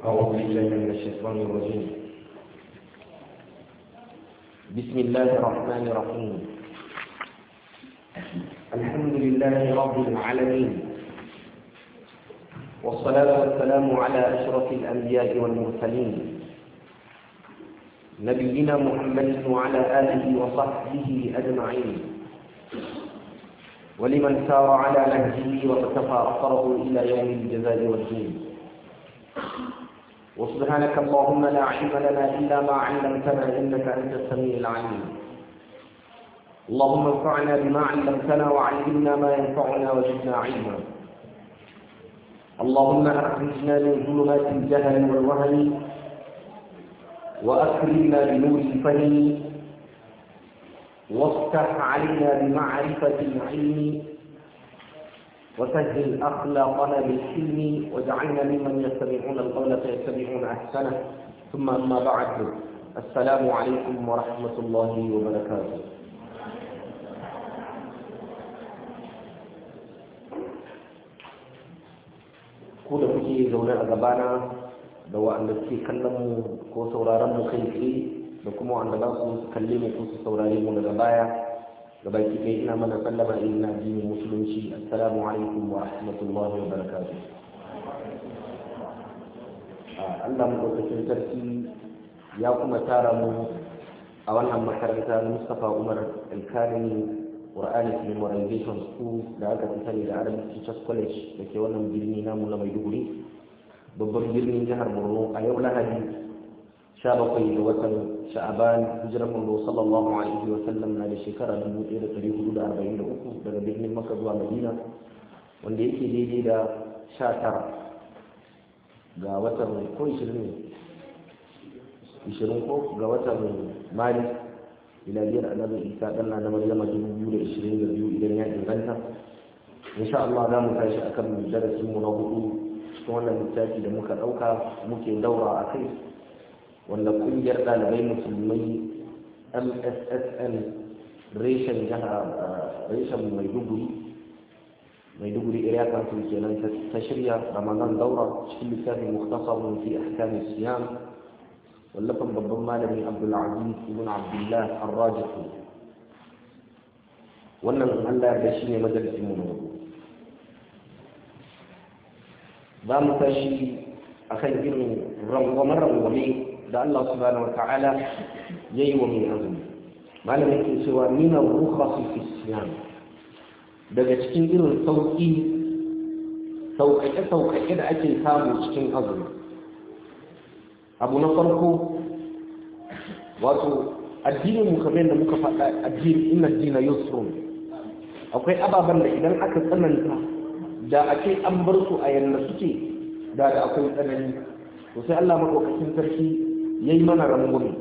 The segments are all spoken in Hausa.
أعوذ بالله من الشيطان الرجيم بسم الله الرحمن الرحيم الحمد لله رب العالمين والصلاة والسلام على أشرف الأنبياء والمرسلين نبينا محمد وعلى آله وصحبه أجمعين ولمن سار على نهجه واقتفى أثره إلى يوم الجزاء والدين وسبحانك اللهم لا علم لنا إلا ما علمتنا إنك أنت السميع العليم اللهم انفعنا بما علمتنا وعلمنا ما ينفعنا وزدنا علما اللهم أخرجنا من ظلمات الجهل والوهن وأكرمنا بنور الفهم وافتح علينا بمعرفة العلم وسهل أخلاقنا بالحلم واجعلنا ممن يستمعون القول فيتبعون أحسنه ثم أما بعد السلام عليكم ورحمة الله وبركاته ko da kuke zaune a gabana da wa'anda suke kallon mu ko sauraron mu kai tsaye da kuma wa'anda za su kalli mu ko su saurare mu daga baya gabaki ɗaya ina mana sallama na addinin musulunci assalamu alaikum wa rahmatullahi wa barakatuh Allah mu lokacin sarki ya kuma tara mu a wannan makaranta Mustapha Umar Alkalimi Quranic Memorization School da aka fi sani da Arabic Teachers College da ke wannan birni namu na Maiduguri babban birnin jihar Borno a yau Lahadi 17 ga watan sha'aban hijiran manzo sallallahu alaihi wa sallam na da shekara 1443 daga birnin Makka zuwa Madina wanda yake daidai da 19 ga watan ko 20 ne 20 ko ga watan Mali miladiyar annabi Isa dan na Maryama 2022 idan ya inganta in sha Allah za mu tashi akan darasin mu na hudu cikin wannan littafi da muka dauka muke daura kai. ولا كل يرد على في المي ام اس اس ان ريشا جها ريشا من ميدوغوري ميدوغوري اريا كانتو كيلان تشريع رمضان دورة شكل كافي مختصر في احكام الصيام ولكم بضم مالي عبد العزيز ابن عبد الله الراجح وانا من الله يرجعني مدرسة منه بام تشي أخي جيرو رمضان رمضان da Allah subhanahu wata'ala ya yi wa min azumi malamin yake cewa minar rukhasi fi daga cikin irin sauƙi sauƙaƙe-sauƙaƙe da ake samu cikin azumi abu na farko wato addinin mu kamar da muka faɗa addini inna dina yusrun akwai ababen da idan aka tsananta da ake an bar su a yanna suke da da akwai tsanani to sai Allah madaukakin sarki ya yi mana rangwame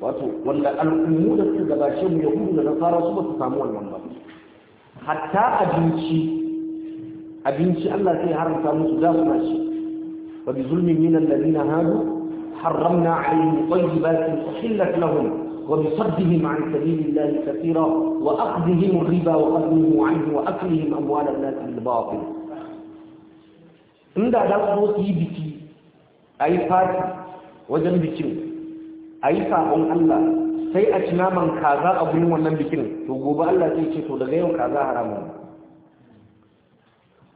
wato wanda al'ummu da suka gabashe mu yahudu da nasara su ba su samu wannan ba hatta abinci abinci Allah sai haramta musu za su nashi wa bi zulmin min alladhina hadu harramna alayhim tayyibatin uhillat lahum وبصدهم عن سبيل الله كثيرا وأخذهم الربا وأخذهم عنه وأكلهم أموال الناس بالباطل عند ذلك نوتي بكي أي فاتح wajen bikin a yi sabon Allah sai a ci naman kaza a gurin wannan bikin to gobe Allah zai ce to daga yau kaza haramun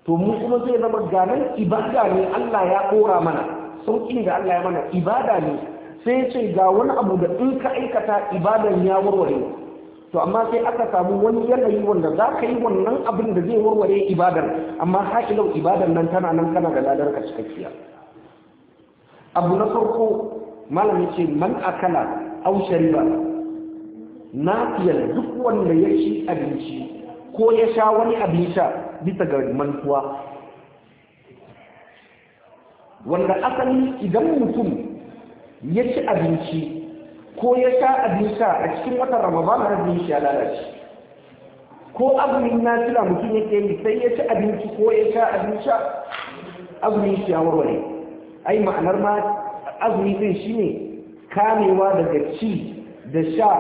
to mu kuma zai zama ganin ibada ne Allah ya kora mana sauƙin da Allah ya mana ibada ne sai ce ga wani abu da in ka aikata ibadan ya warware to amma sai aka samu wani yanayi wanda za ka yi wannan abin da zai warware ibadar amma haƙilau ibadar nan tana nan kana da ladar ka cikakkiya abu na farko malam ce man akala au shariba nafiyar duk wanda ya ci abinci ko ya sha wani abin sha bisa ga mantuwa wanda asali idan mutum ya ci abinci ko ya sha abin a cikin watan ramadan zai shi ya lalace ko azumin na tuna mutum ya yi sai ya ci abinci ko ya sha abin sha azumin shi ya warware ai ma'anar ma azumi din shine kamewa daga ci da sha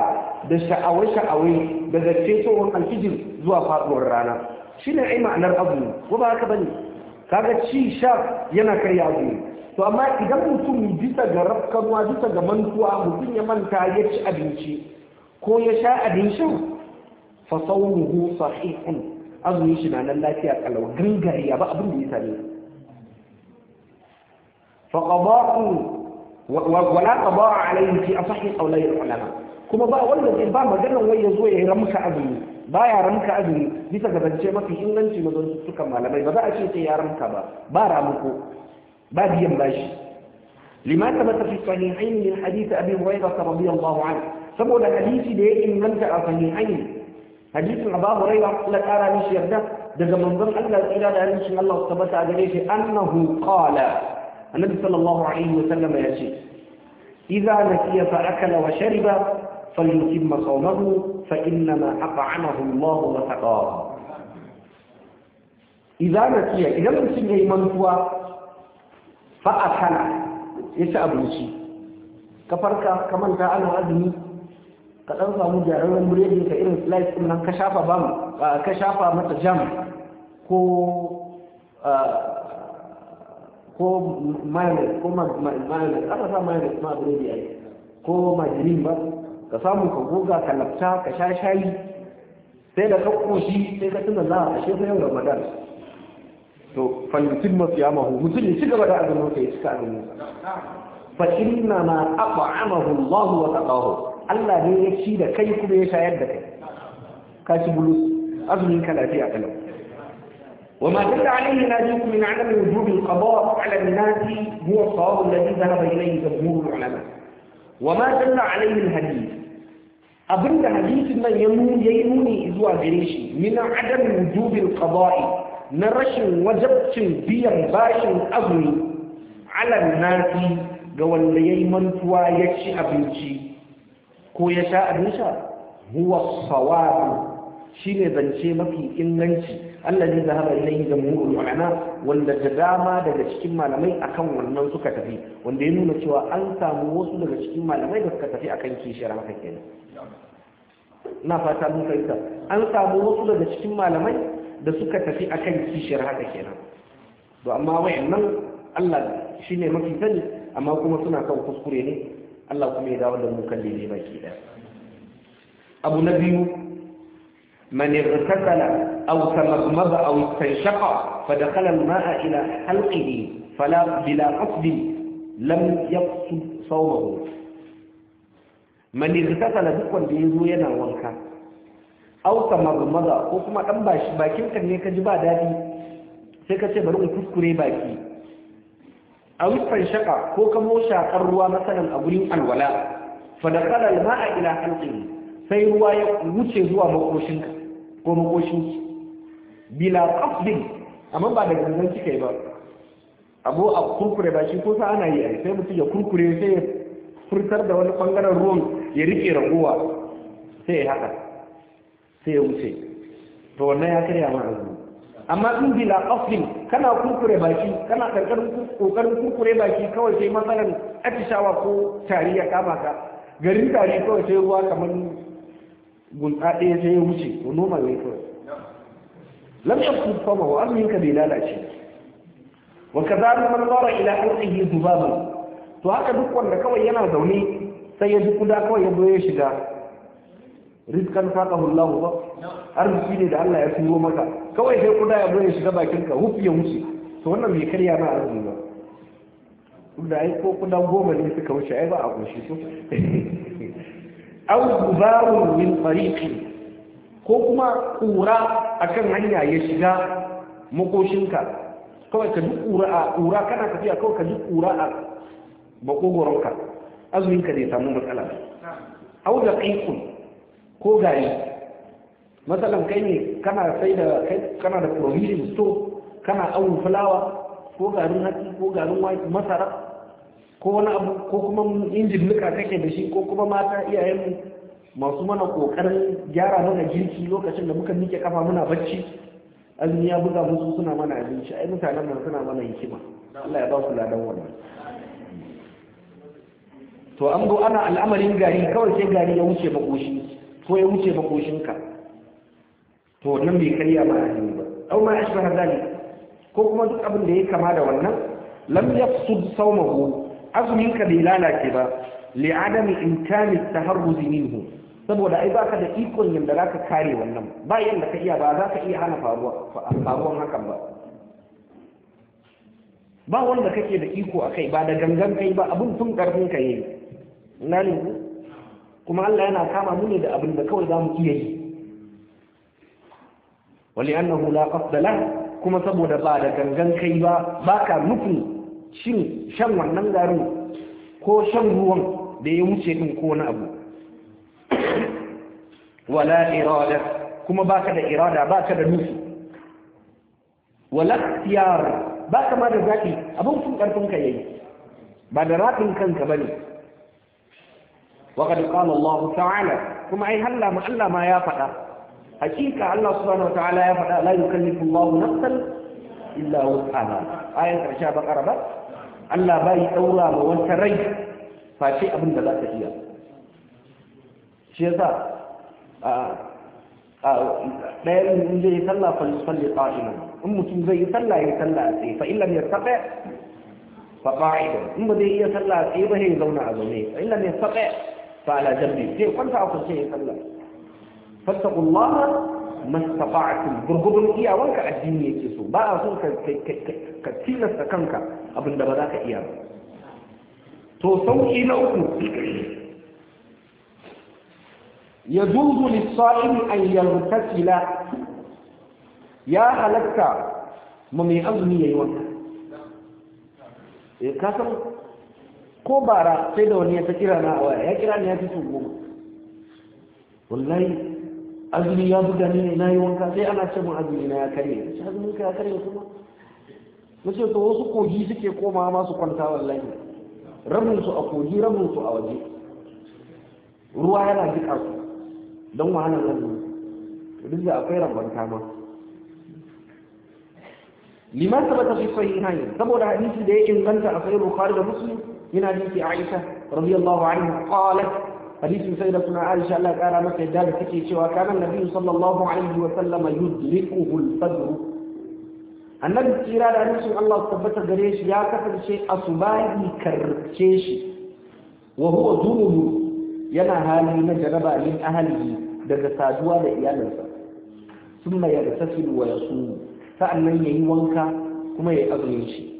da sha'awai-sha'awai, shaawe daga cetowar alfijir zuwa faɗuwar rana shine ai ma'anar azumi ko ba haka bane kaga ci sha yana karya azumi to amma idan mutum bisa ga rafkanwa bisa ga mantuwa mutum ya manta ya ci abinci ko ya sha abincin fa sawmuhu sahihun azumi shi na nan lafiya kalau gangariya ba abin da ya same فقضاء ولا قضاء عليه في أصح قولي العلماء كما با wannan Kuma ba wanda zai ba maganar wai yazo ya ramka azumi baya ramka azumi bisa ga zance mafi inganci na zantukan malamai ba za a ce sai ya ramka ba ba ramuko ba biyan bashi lima tabbata fi sahihain min hadith abi hurairah radiyallahu anhu saboda hadisi da ya inganta a sahihain hadisin abu hurairah la kara mishi yarda daga manzon Allah tsira da hadisin Allah tabbata gare shi annahu qala annabi sallallahu alaihi wasallam ya ce idza nasiya fa akala wa shariba falyutimma sawmahu fa innama at'amahu Allah wa saqahu idza nasiya idan mutum yayi mantuwa fa akala yace abinci ka farka ka manta ana azumi ka dan samu jararren biredi ka irin slice din nan ka shafa bam ka shafa mata jam ko ko mayonnaise ko mayonnaise aka sa mayonnaise ma burodi yayi ko majirin ba ka samu ka goga ka lafta ka sha shayi sai da ka koshi sai ka tuna za a shefa yau ramadan to falmutin masu ya mahu mutum ya ci gaba da azumin ka ya cika azumin fa inna ma at'amahu Allah wa taqahu Allah ne ya ci da kai kuma ya shayar da kai ka ci bulus azumin ka lafiya kalau وما دل عليه ناجيك من عدم وجود القضاء على الناس هو الصواب الذي ذهب إليه جمهور العلماء وما دل عليه الحديث أبن حديث ما يموني ينوني إذوا جريشي من عدم وجود القضاء نرش وجبت بيا باش أغني على الناس قول ليمن من توا يكشي أبنشي كو يشاء أبنشا هو الصواب شيني بنشي مكي إننشي allazi zahaba ilayhi jamhurul ulama wanda da dama daga cikin malamai akan wannan suka tafi wanda ya nuna cewa an samu wasu daga cikin malamai da suka tafi akan kishiyar haka kenan na fata mun fahimta an samu wasu daga cikin malamai da suka tafi akan kishiyar haka kenan to amma wayannan Allah shine mafi sani amma kuma suna kan kuskure ne Allah kuma ya dawo da mu kan daidai baki daya abu na biyu من اغتسل أو تمغمض أو استنشق فدخل الماء إلى حلقه فلا بلا قصد لم يقصد صومه من اغتسل دكوا بيزو ينا وانكا أو تمغمض ko kuma dan bashi bakin ne ka ji ba daɗi. sai ka ce bari in kuskure baki aw ko ka mosha ruwa masalan a gurin alwala fa dakala ila sai ruwa ya wuce zuwa makoshinka ko makoshinki bila qasdin amma ba da gangan kika yi ba abu a kurkure ba shi ko sa ana yi sai mutum ya kurkure sai ya furtar da wani bangaren ruwan ya rike raguwa sai ya haka sai ya wuce to wannan ya karya ma azumi amma in bila qasdin kana kurkure baki kana karkarin kokarin kurkure baki kawai sai matsalan atishawa ko tari ya kama ka garin tari kawai sai ruwa kamar gulɗa ɗaya sai ya wuce ko noma ne kawai lam yakun fama wa arzikinka bai lalace wa kadhalika man zara ila halqihi dubaban to haka duk wanda kawai yana zaune sai ya ji kuda kawai ya zo ya shiga rizkan saqahu Allah ba arziki ne da Allah ya turo maka kawai sai kuda ya zo ya shiga bakin ka hufi ya wuce to wannan bai karya ma arziki ba duk da ai ko kuda goma ne suka wuce ai ba a goshi to au gubarun min tariqin ko kuma kura akan hanya ya shiga makoshinka kawai ka duk kura a kura kana tafiya kawai ka duk kura a makogoronka azuminka zai samu matsala au da kaikun ko gari matsalan kai ne kana sai da kai kana da provision store kana awon fulawa ko garin hatsi ko garin masara ko wani abu ko kuma injin nuka kake da shi ko kuma mata iyayenmu masu mana kokarin gyara mana girki lokacin da muka nike kafa muna bacci azumi ya buga musu suna mana abinci ai mutanen nan suna mana hikima Allah ya ba su ladan wannan to an go ana al'amarin gari kawai sai gari ya wuce makoshi ko ya wuce makoshinka to nan bai karya ma azumi ba au ma ashbaha dhalik ko kuma duk abin da ya kama da wannan lam yafsud sawmahu azumin ka bai lalace ba li adami imkani taharruz minhu saboda ai baka da ikon yanda zaka kare wannan ba yanda ka iya ba za ka iya hana faruwa faruwan hakan ba ba wanda kake da iko akai ba da gangan kai ba abun tun karfin ka yi. na ne kuma Allah yana kama mu ne da abin da kawai zamu iya yi wali annahu la qasda kuma saboda ba da gangan kai ba baka nufin shin shan wannan garin ko shan ruwan da ya wuce din ko na abu wala irada kuma baka da irada baka da nufi wala tiyar baka ma da zaki abin kun karfin ka yayi ba da rafin kanka bane وقد قال الله تعالى كما أي هلا ما ألا ما يفعل حقيقة الله سبحانه وتعالى يفعل لا يكلف الله نفسا إلا وسعها آية رشاد قربت Allah ba yi ɗaura ma wata rai face abin da za ta iya shi ya sa ɗayan in zai yi sallah falisalli ƙa'ina in mutum zai yi sallah ya yi sallah a tsaye fa illam ya taɓa fa ƙa'ida in ba zai iya sallah a tsaye ba ya zauna a zaune fa illam ya taɓa fa ala jambi sai kwanta a kwance ya sallah fattakullaha mastata'tum gurgurun iyawanka addini yake so ba a so ka tilasta kanka abin da ba za ka iya ba to sauki na uku يجوز للصائم أن يغتسل يا هلكت ممي أغني يوانك ka san ko bara sai da wani ya ta kira na a waya ya kira ni ya fi su goma wallahi azumi ya buga ni ne na yi wanka sai ana ce mun azumi na ya karye shi azumin ka ya karye kuma na ce to wasu kogi suke komawa masu kwanta wallahi rabin su a kogi rabin su a waje ruwa yana jika su don wahalar azumi duk da akwai rabon kama liman bata fi hanyar saboda hadisi da ya inganta a sahih bukhari da muslim yana hadisi aisha radiyallahu anha qalat hadisi sai da suna aisha Allah kara masa yadda da take cewa kana nabi sallallahu alaihi wa sallama yudrikuhu al-fajr annabi tsira da hadisin Allah tabbata gare shi ya kasance asubahi karce shi wa huwa yana hali na jaraba min ahlihi daga saduwa da iyalansa thumma yaghtasilu wa yasum sa'annan yayi wanka kuma yayi azumin shi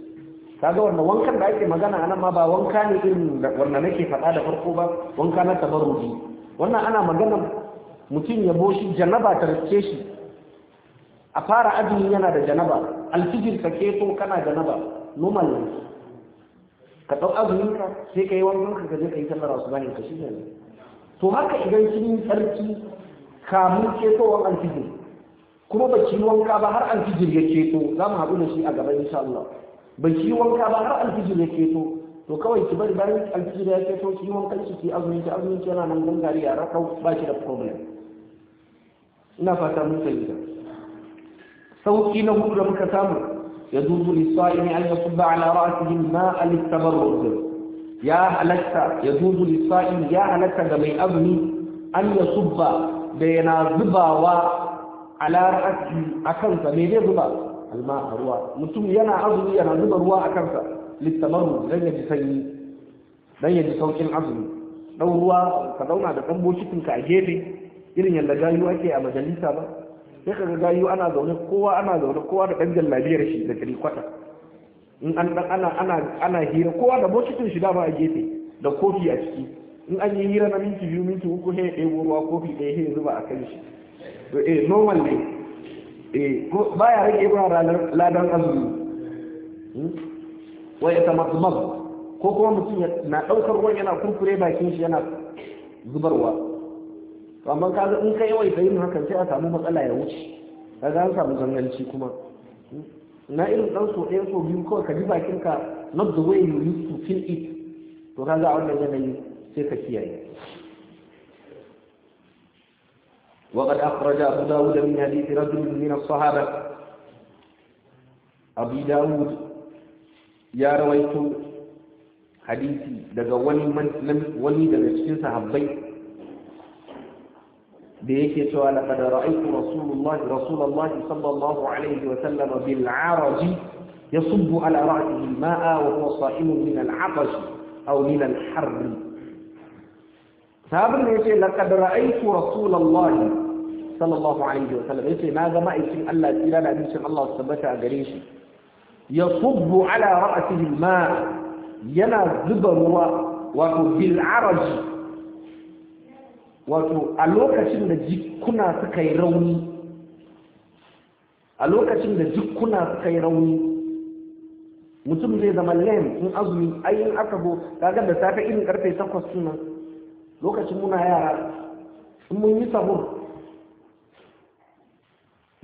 kaga wannan wankan da ake magana anan ma ba wanka ne irin wannan nake faɗa da farko ba wanka na tabarruji wannan ana magana mutum ya boshi janaba ta rike shi a fara azumi yana da janaba alfijir ka keto kana janaba normal ne ka dau azumin ka sai ka yi wankan ka ka je ka yi sallar asubahin ka shi ne to haka idan kin yi tsarki kamun ketowar alfijir kuma ba ki wanka ba har alfijir ya keto za mu haɗu da shi a gaba insha Allah ba ki wanka ba har alfijir ya keto to kawai ki bari bayan alfijir ya keto ki wanka ki ki azumin ki azumin ki yana nan gangare ya raka ba ki da problem ina fata mun da sauki na hudu da muka samu ya dubu lisa'ini an ya subba ala ra'atihim ma alistabarruz ya halatta ya dubu lisa'ini ya halatta da mai azumi an ya subba da yana zubawa ala ra'atihi akan sa me zai zuba alma a mutum yana azumi yana zuba ruwa a kansa littamaru dan ya ji sanyi dan ya ji saukin azumi dan ruwa ka zauna da dan bokitin ka a gefe irin yadda gayu ake a majalisa ba sai ka ga gayu ana zaune kowa ana zaune kowa da dan jallabiyar shi da kwata in an dan ana ana ana hira kowa da bokitin shi da ba a gefe da kofi a ciki in an yi hira na minti biyu minti uku sai ya ɗebo ruwa kofi ɗaya sai ya zuba a kan shi to eh normal eh ba ya rage ibra ladan azumi hmm? wa ya tamatmam ko kuma mutum na ɗaukar ruwan yana kurkure bakin shi yana zubarwa to amma in ka yawaita yin hakan sai a samu matsala ya wuce kaga an samu zanganci kuma hmm? na irin dan so ɗaya so biyu kawai ka ji bakin ka not the way you used to feel it to kaga a wannan yanayi sai ka kiyaye وقد أخرج أبو داود من حديث رجل من الصحابة أبي داود يا رويت حديثي لقى ولي من لم ولي دلشكين صحابي بيكي لقد رأيت رسول الله رسول الله صلى الله عليه وسلم بالعرج يصب على رأسه الماء وهو صائم من العطش أو من الحر sahabin يقول لقد رأيت رسول الله sallallahu alaihi wasallam yace na ga ma'aikin Allah tsira da abincin Allah su tabbata a gare shi Ya yasubbu ala ra'sihi ma yana zuba ruwa wato bil araj wato a lokacin da jikuna suka yi rauni a lokacin da jikuna suka yi rauni mutum zai zama lem in azumi ayin aka zo kaga da safe irin karfe 8 din nan lokacin muna yara mun yi sahur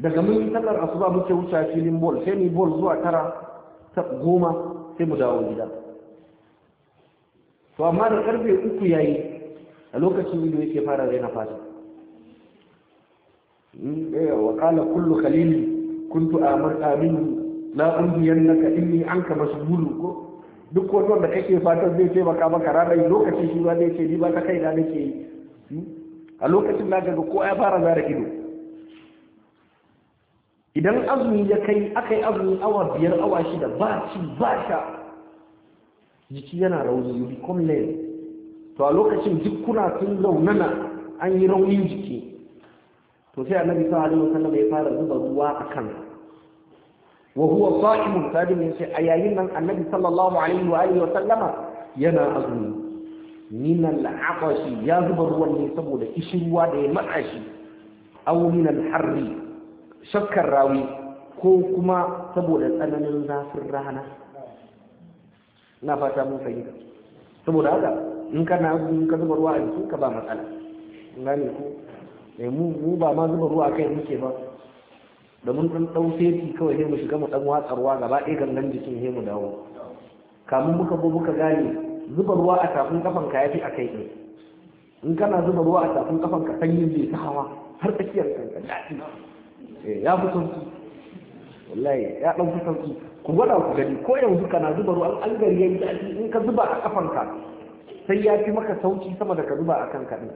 daga mun yi sallar asuba muke wuce filin bol sai mu bol zuwa tara ta goma sai mu dawo gida to amma da karfe uku yayi a lokacin ido yake fara zai na fata hmm, eh, wa kullu khalili kuntu amar amin la umbiyannaka inni anka masbulu ko duk wani wanda kake fatan zai taimaka maka yi lokacin shi ba zai ce ni ba ta kai da nake yi hmm, a lokacin na ga ko ya fara zara ido idan azumi ya kai aka yi azumi awa biyar awa shida ba ci ba sha jiki yana rauni yuri become to a lokacin jikuna sun zaunana an yi raunin jiki to sai annabi sallallahu alaihi wasallam ya fara zuba ruwa a kan wa huwa sa'imun ne sai a yayin nan annabi sallallahu alaihi wa alihi wasallama yana azumi min al-aqashi ya zuba ruwan ne saboda ruwa da ya matsa shi aw min al-harri shakkar rawi ko kuma saboda tsananin zafin rana na fata mun fahimta saboda haka in na in ka zuba ruwa a jikin ka ba matsala gane ko eh, mu mu ba ma zuba ruwa kai muke ba da mun dan dau sai kawai sai mu shiga mu dan watsa ruwa gaba ɗaya gangan jikin sai mu dawo kamun muka bo muka gane zuba ruwa a tafin kafan ka yafi akai ne. in kana zuba ruwa a tafin kafan ka sanyin bai ta hawa har tsakiyar kanka daɗi Eh, ya fi sauki wallahi ya ɗauki sauki ku gwada ku gani ko yanzu kana zuba ruwan an gari yayi in ka zuba a kafanka sai ya fi maka sauki sama da ka zuba a kanka ɗin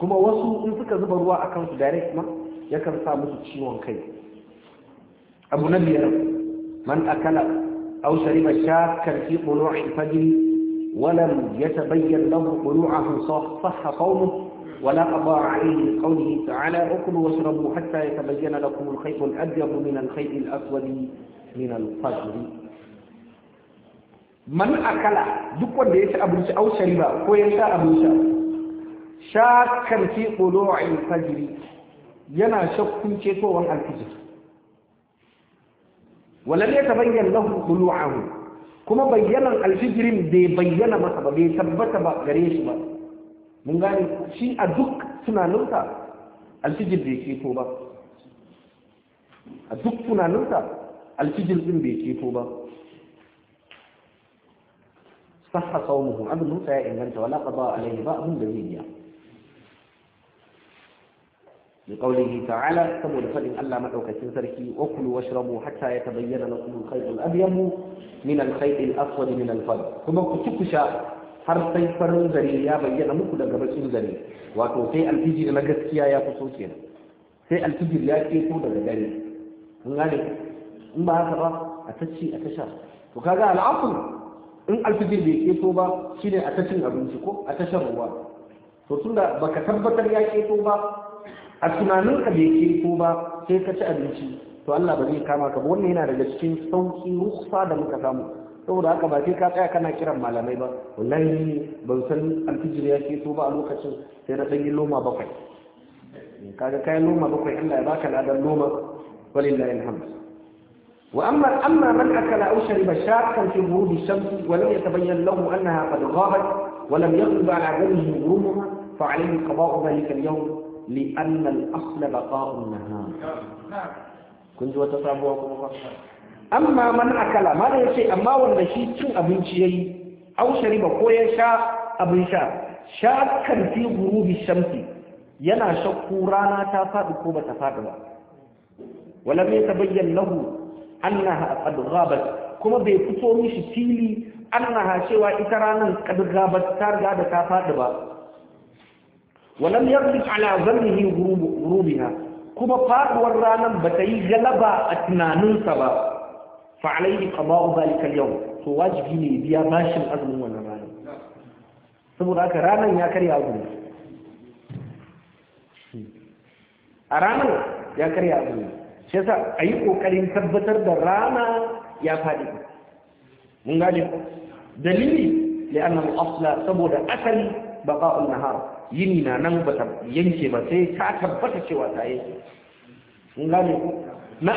kuma wasu in suka zuba ruwa a kansu direct ma yakan sa musu ciwon kai abu na biyar man akala aw shariba shakkan fi qulu'i fajr ولم يتبين له طلوعه صح قومه ولا أضاع عليه قوله تعالى أكلوا واشربوا حتى يتبين لكم الخيط الأبيض من الخيط الأسود من الفجر man akala duk wanda ya ci abinci au shariba ko ya sha abin sha shakkan fi qulu'il fajr yana shakkun cetowar alfijir walam yatabayyan lahu qulu'ahu kuma bayyanan alfijirin bai bayyana masa ba bai tabbata ba gare shi ba mu nga ni ci aduk suna nu ta al sijil bi ci tuba aduk suna nu ta al sijil bi ci tuba صح لقوله تعالى ثم لفل ألا مدعوك تنسرك أكلوا واشربوا حتى يتبين لكم الخيط الأبيض من الخيط الأسود من الفضل ثم كتب شاء har sai farin zare ya bayyana muku daga bakin zare wato sai alfijir na gaskiya ya fito kenan sai alfijir ya keto daga gari. in gane in ba haka ba a tacci a tasha to kaga al'afur in alfijir bai keto ba shine a tashin abinci ko a tashar ruwa to tunda baka tabbatar ya keto ba a tunaninka bai keto ba sai ka ci abinci to Allah ba zai kama ka ba wannan yana daga cikin sauki ruksa da muka samu saboda haka ba sai ka tsaya kana kiran malamai ba wallahi ban san alfijir ya ke so ba a lokacin sai na ɗanyi loma bakwai kaga kayan loma bakwai Allah ya baka ladan loma walillahi alhamd wa amma amma man akala aw shariba shaqqan fi ghurub shams wa lam yatabayyan lahu annaha qad ghabat wa lam yaghlib ala dhanbihi ghurubuha fa alayhi qada'u dhalika al-yawm لأن الأصل بقاء النهار كنت وتتابعكم فقط amma man akala ma ya ce amma wanda shi cin abinci yayi au shariba ko ya sha abin sha shakkan fi gurubi shamsi yana shakku rana ta fadi ko bata fadi ba wala mai tabayyan lahu annaha qad ghabat kuma bai fito mishi fili annaha cewa ita ranan qad ghabat ta riga da ta fadi ba walam yaqdis ala zannihi ghurubiha kuma faduwar ranan bata yi galaba a tunaninsa ba fa'alaihi qada'u zalika al yau. to wajibi ne biya bashin azumin wannan rana saboda haka ranar ya karya ne. a ranan ya karya ne shi yasa ayi kokarin tabbatar da rana ya faɗi. mun gane dalili li'anna al-asla saboda asali na nahar yini na nan ba yanke ba sai ta tabbata cewa ta yanke mun gane na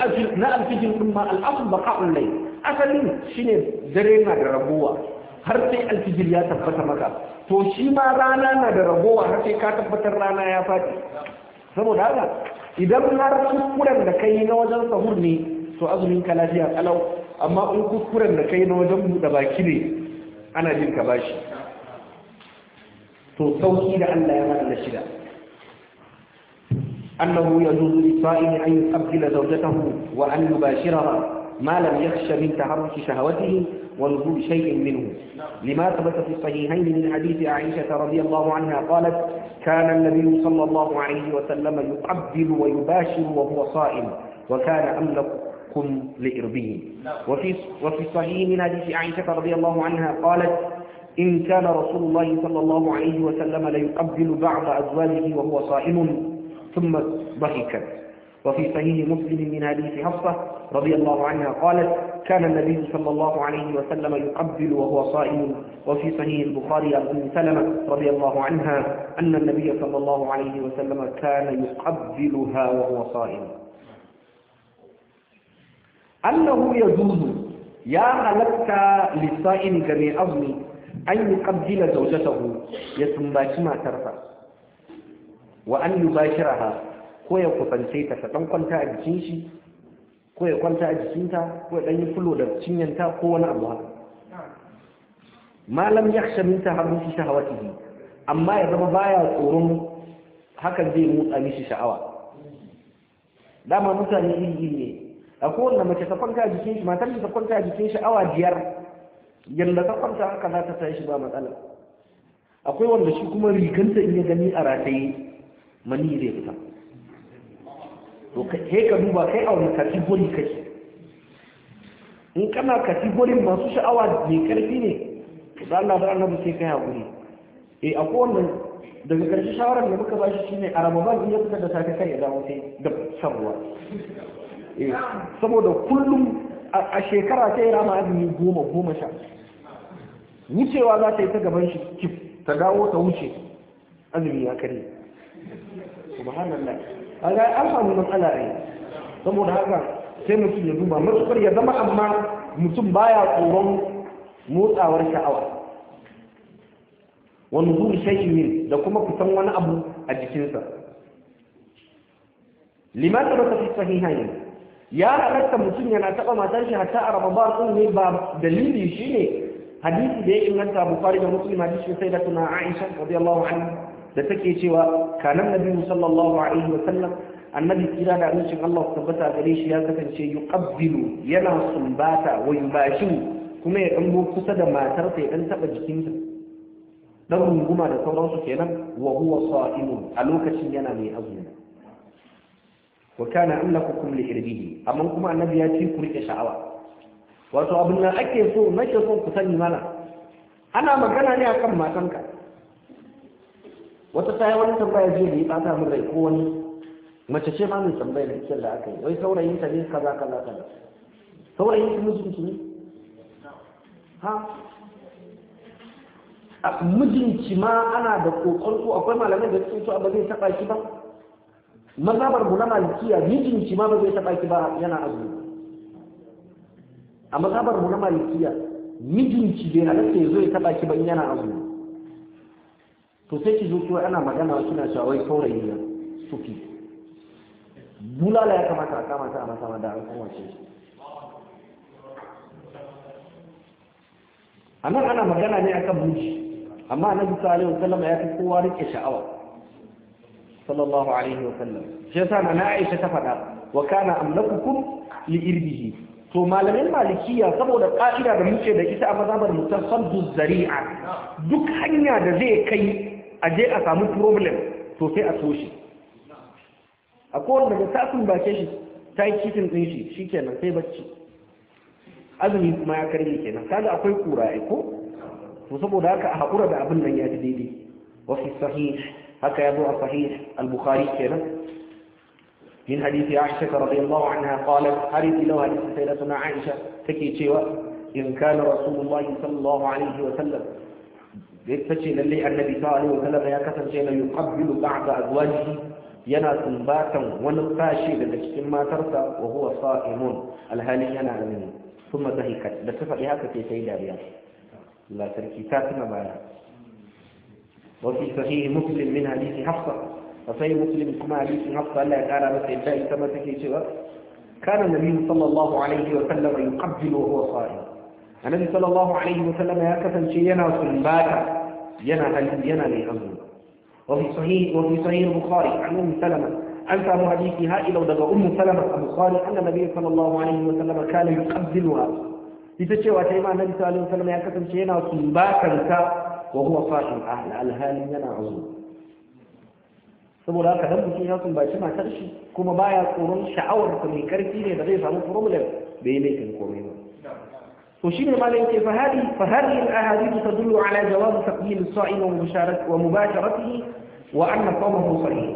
alfijin ɗin ma al'asun baka ulai asalin shine dare na da ragowa har sai alfijir ya tabbata maka to shi ma rana na da ragowa har sai ka tabbatar rana ya faɗi saboda haka idan har kuskuren da kai na wajen sahur ne to azumin ka lafiya kalau amma in kuskuren da kai na wajen buɗe baki ne ana jin ka bashi to sauki da Allah ya mana shida أنه يجوز للصائم أن يقبل زوجته وأن يباشرها ما لم يخش من تحرك شهوته ونزول شيء منه لما ثبت في الصحيحين من حديث عائشة رضي الله عنها قالت كان النبي صلى الله عليه وسلم يقبل ويباشر وهو صائم وكان أملككم لإربه وفي, وفي الصحيح من حديث عائشة رضي الله عنها قالت إن كان رسول الله صلى الله عليه وسلم ليقبل بعض أزواجه وهو صائم ثم ضحكت وفي صحيح مسلم من حديث حفصة رضي الله عنها قالت كان النبي صلى الله عليه وسلم يقبل وهو صائم وفي صحيح البخاري عن ام سلمة رضي الله عنها أن النبي صلى الله عليه وسلم كان يقبلها وهو صائم أنه يجوز يا خلقت للصائم كبير أظني أن يقبل زوجته يسمى كما ترفع wa an ha, ko ya kusance ta ta dan kwanta a jikin shi ko ya kwanta a jikinta ko ya dan yi fulo da cinyanta ko wani abu haka malam yakhsha min taharrufi shahawatihi amma ya zama baya tsoron hakan zai mutsa mishi sha'awa dama mutane iri iri ne a kowanne mace ta kwanta a jikin shi matar ta kwanta a jikin shi awa biyar yadda ta kwanta haka za ta tashi ba matsala akwai wanda shi kuma rikanta in ya gani a rataye mani zai fita to kai ka duba kai a wani kategori kake in kana kategorin masu sha'awa mai karfi ne da Allah na annabi sai kai hakuri e eh, a wannan daga karshe shawarar da muka bashi shine a ramadan in ya fita da safe kai ya dawo sai da sabuwa eh, saboda kullum a shekara sai rama azumi goma goma sha wucewa za ta yi ta gaban shi kif ta dawo ta wuce azumi ya karye. subhanallah kaga an samu matsala ne saboda haka sai mutum ya duba matukar ya zama amma mutum baya tsoron motsawar sha'awa wani zuri shayi da kuma kusan wani abu a jikinsa liman da baka fi sahihain ya halatta mutum yana taɓa matar shi hatta a ramadan ɗin ne ba dalili shine hadisi da ya inganta bukari da muslim hadisi sai da tuna aisha radiyallahu anha da take cewa kanan nabi sallallahu alaihi wa sallam annabi kira da annabin Allah tabbata gare shi ya kasance yuqabbilu yana sumbata wa yubashu kuma ya dango kusa da matarsa ya dan taba jikinta dan runguma da sauransu kenan wa huwa sa'imun a lokacin yana mai azumi wa kana amlakukum li irbihi amma kuma annabi ya ce ku rike sha'awa wato abin nan ake so nake son ku sani mana ana magana ne akan matanka wata sai wani tambaya zai da ya bata min rai ko wani mace ce ma mai tambaya da kiyar da aka yi wai saurayin ta ne ka ka lafa da saurayin ta mijinki ne ha a mijinki ma ana da kokon ko akwai malamai da suke cewa ba zai taba ki ba mazabar mu na malikiya mijinki ma ba zai taba ki ba yana azumi a mazabar mu na malikiya mijinki bai halatta ya zo ya taba ki ba yana azumi to sai ki zo kiwa ana magana wasu na cewa wai saurayi ne suki bulala ya kamata a kamata a masa da an kowace a nan ana magana ne akan miji amma na sallallahu alaihi wasallam ya fi kowa rike sha'awa sallallahu alaihi wasallam shi yasa na Aisha ta faɗa wa kana amlakukum li irbihi to malamin malikiya saboda ka'ida da muke da ita a mazhabar mutasaddu zari'a duk hanya da zai kai a je a samu problem to sai a so shi a kowane daga tafin bace shi ta yi cikin ɗin shi shi kenan sai bacci azumi kuma ya karye kenan kaga akwai kura ai ko to saboda haka a haƙura da abin nan ya ji daidai wa fi sahih haka ya zo a sahih al-bukhari kenan من حديث عائشة رضي الله عنها قالت حديث لو حديث سيدتنا عائشة تكي تشيوى إن كان رسول الله صلى الله عليه وسلم da ce lallai annabi sallallahu alaihi wasallam ya kasance na yuqabbilu ba'da azwajihi yana sumbatan wani sashi daga cikin matarsa wa huwa sa'imun alhalin yana azumi kuma zahikat da ta faɗi haka sai ta yi dariya Allah sarki ta tuna baya وفي صحيح مسلم من حديث حفصة وصحيح مسلم كما حديث حفصة لا يقال بس إلا إسمتك سوى كان النبي صلى الله عليه وسلم يقبل وهو صائم annabi sallallahu alaihi wasallam ya kasance yana sumbata yana hali yana mai azumi wa fi sahih wa fi sahih bukhari an ummu salama an samu hadisi ha ila daga ummu salama a bukhari anna nabi sallallahu alaihi wasallam kana yuqabbiluha ita cewa ta imam annabi sallallahu alaihi wasallam ya kasance yana sumbatar ta wa huwa sahih ahla alhalin yana azumi saboda haka dan mutum ya sumbaci matar shi kuma baya tsoron sha'awar ta mai karfi ne da zai samu problem bai mai kan komai ba وشين مالك فهذه فهذه الأحاديث تدل على جواز تقبيل الصائم ومباشرته وأن صومه صحيح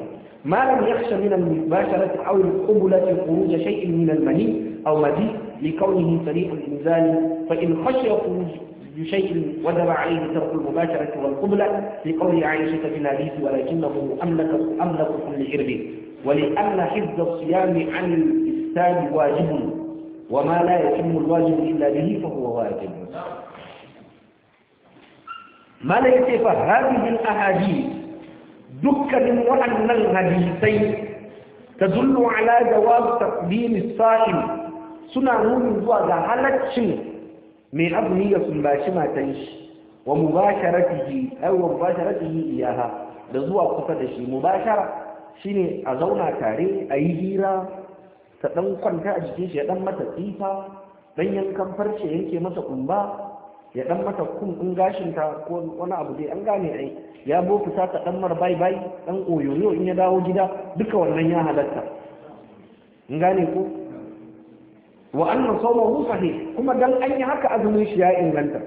ما لم يخش من المباشرة أو القبلة خروج شيء من المني أو مدي لكونه سريع الإنزال فإن خشي خروج بشيء وجب عليه ترك المباشرة والقبلة لقول عائشة في الحديث ولكنه أملك أملك كل حرب ولأن حفظ الصيام عن الإفساد واجب وما لا يتم الواجب إلا به فهو واجب ما لا يتفى هذه الأحاديث دك من وأن الحديثين تدل على جواز تقديم الصائم suna nuni zuwa ga halaccin mai azumi ya sumbaci matan shi wa mubasharatihi ay wa mubasharatihi iyaha da zuwa kusa da shi mubashara shine a zauna tare a yi hira ta ɗan kwanta a jikin shi ya ɗan mata tsifa ɗan yankan farce yanke masa kumba ya ɗan mata kun ɗin gashinta ko wani abu dai an gane ai ya bo fita ta ɗan mar bai bai ɗan oyoyo in ya dawo gida duka wannan ya halatta in gane ko wa annan sauwa sahih kuma dan an yi haka azumin shi ya inganta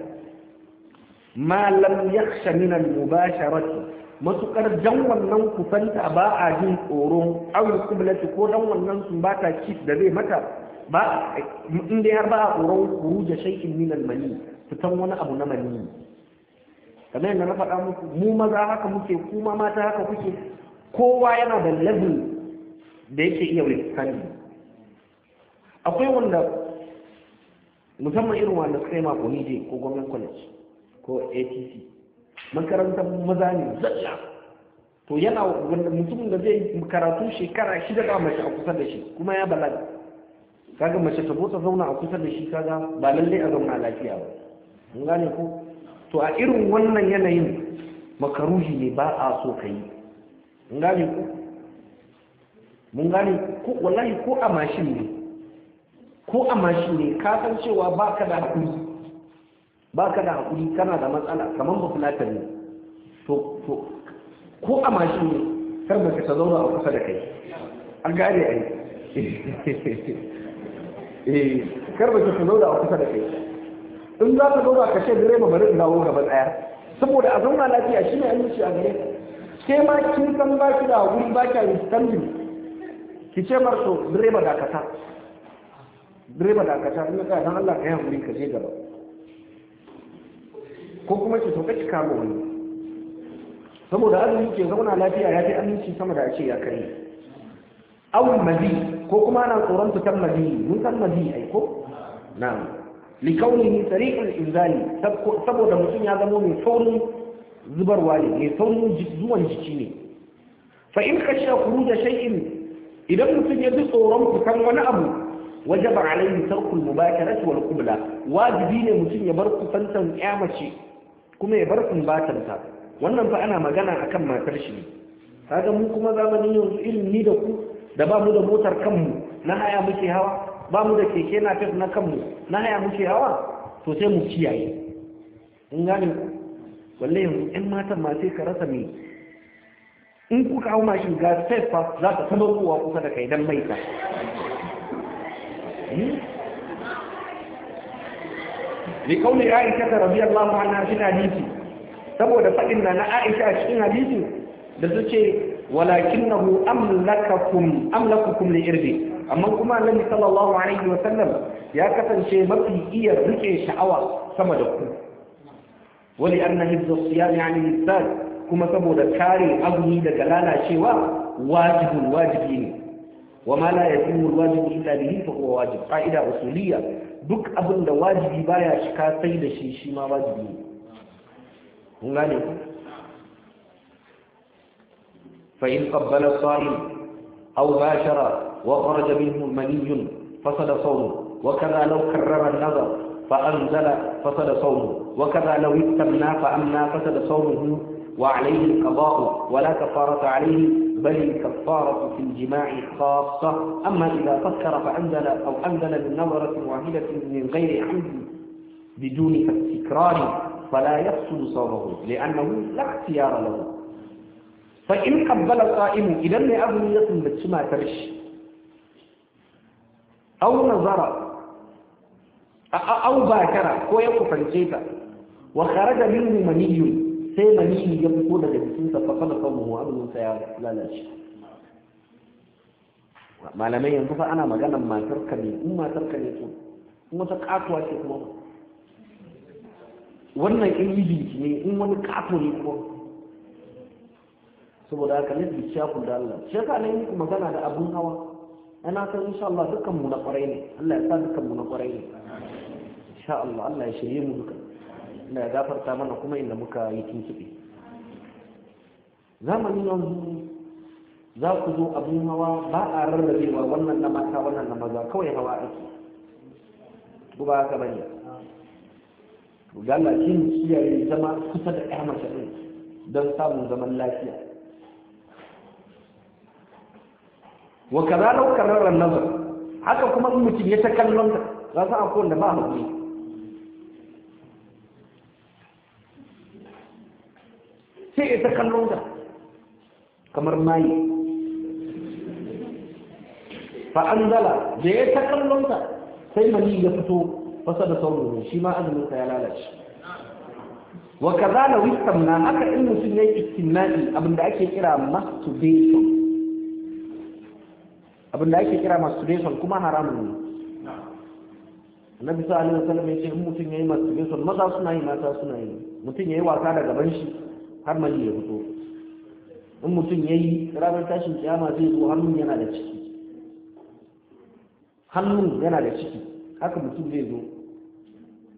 ma lam yakhsha min al-mubasharati matukar dan wannan kufanta ba a jin tsoro aw qiblati ko dan wannan sun ba ta ci da zai mata ba in dai har ba a tsoron kuruja shay'in min al-mani fitan wani abu na mani kamar yadda na faɗa muku mu maza haka muke kuma mata haka kuke kowa yana da level da yake iya wani akwai wanda musamman irin wanda suka yi makoni dai ko gwamnan college ko atc makarantar maza ne zalla to yana wanda mutumin da zai karatu shekara shida da mace a kusa da shi kuma ya balaga kaga mace ta bota zauna a kusa da shi kaga ba lalle a zauna lafiya ba mun gane ko to a irin wannan yanayin makaruhi ne ba a so ka yi mun gane ko mun gane ko wallahi ko a mashin ne ko a mashin ne ka san cewa ba ka da hakuri ba ka da haƙuri kana da matsala kamar ba fulata ne to ko a mashi ne kar ba ka ta zauna a kusa da kai an gane a yi. Eh, kar ba ka ta zauna a kusa da kai in za ka zauna ka ce direba bari ina dawo gaba tsaya saboda a zauna lafiya ne an yi shi a gare ke ma kin san ba ki da haƙuri ba ki a standing ki ce marso so direba dakata direba dakata in ka don Allah ka yi haƙuri ka je gaba ko kuma ki so kaci kama wani saboda azumi ke zauna lafiya ya fi aminci sama da ake ya kare awun mazi ko kuma ana tsoron fitan mazi mun san mazi ai ko na'am li kaunihi tariqul inzali saboda mutum ya zama mai saurin zubarwa ne mai saurin zuwan jiki ne fa in khashiya khuruj shay'in idan mutum ya ji tsoron fitan wani abu wajaba alaihi tarkul mubasharati wal qibla wajibi ne mutum ya bar kusantan kyamace kuma ya bar kumbatarsa wannan fa ana magana akan matar shi ne kaga mu kuma zamanin yanzu irin ni da ku da ba mu da motar kanmu na haya muke hawa ba mu da keke na tafi na kanmu na haya muke hawa to sai mu kiyaye in gane wallahi yanzu ƴan matan ma sai ka rasa mai in kuka hau mashin ga safe za ka sanar kuwa kusa da kai dan mai ka hmm? bi kauli aisha radiyallahu anha shi hadisi saboda fadin na aisha a cikin hadisi da suke walakinahu amlakakum amlakukum li irbi amma kuma annabi sallallahu alaihi wa sallam ya kasance mafi iya rike sha'awa sama da ku wali anna hifdhu siyami an al kuma saboda kare azumi daga lalacewa wajibin wajibi ne wa ma la yatimu al-wajibu illa bihi fa huwa wajib qa'ida usuliyya duk abin da wajibi baya shika sai da shi shi ma wajibi ne kun gane ku fa in qabbala sa'im aw bashara wa kharaja minhu maniyun fasada sawmu wa kadha law karrara an-nazar fa anzala fasada sawmu wa kadha law istamna fa amna fasada sawmuhu wa alayhi al-qada'u wa la kafarata alayhi بل الكفارة في الجماع خاصة أما إذا فكر فأنزل أو أنزل من نظرة واحدة من غير عمد بدون تكرار فلا يفسد صومه لأنه لا اختيار له فإن قبل القائم إذا لأبن يصل بتسمى ترش أو نظر أو باكر كويك فانسيتا وخرج منه مني sai maniyi ya fito daga jikinsa fa kada kan mu abin sa ya lalace malamai yanzu fa ana maganar matar ka ne in matar ka ne to ta wata katuwa ce kuma wannan in yi mijinki ne in wani kato ne kuma saboda haka ne bi shafu da Allah shi yasa kuma magana da abun hawa ana san insha Allah dukkan mu na kwarai ne Allah ya sa dukkan mu na kwarai ne insha Allah Allah ya shirye mu duka ya gafarta mana kuma inda muka yi tuntuɓe zamanin yanzu za ku zo abin hawa ba a rarrabewa wannan na mata wannan na maza kawai hawa ake ku ba haka bane to dalla kiyaye zama kusa da ƴa mace ɗin don samun zaman lafiya wa kaza lau kararar nazar haka kuma mu mutum ya ta kallon za su akwai da ba hakuri sai ya ta kallon da kamar mayi fa'anzala da ya ta kallon ta sai mani ya fito fasa da saurin shi ma azuminsa ya lalace wa kaza na wistam na haka in mutum ya yi istimna'i abinda ake kira masturbation abinda ake kira masturbation kuma haramun ne annabi sallallahu alaihi wasallam ya ce in mutum ya yi masturbation maza suna yi mata suna yi mutum ya yi wasa da gaban shi har mani ya fito in mutum ya yi ranar tashin kiyama zai zo hannun yana da ciki hannun yana da ciki haka mutum zai zo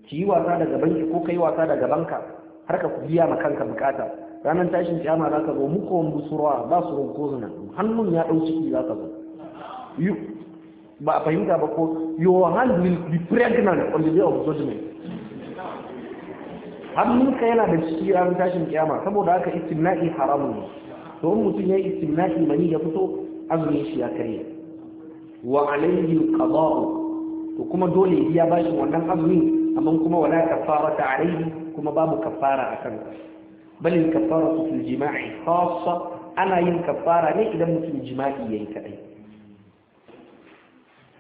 ki yi wasa da banki ko ka yi wasa da banka, har ka biya ma kanka bukata ranar tashin kiyama za ka zo muku busurwa ba su ronko zina hannun ya ɗau ciki za ka zo ba a fahimta ba ko your hand will be pregnant on the day of judgment hannunka yana da ciki ranar tashin kiyama saboda haka istimna'i haramun ne to in mutum ya yi istimna'i mani ya fito azumi shi ya karye wa alayhi qada'u to kuma dole ya biya bashin wannan azumin amma kuma wala kafarata alayhi kuma babu kafara akan bal al kafaratu fil jima'i khassa ana yin kafara ne idan mutum jima'i yayi kadai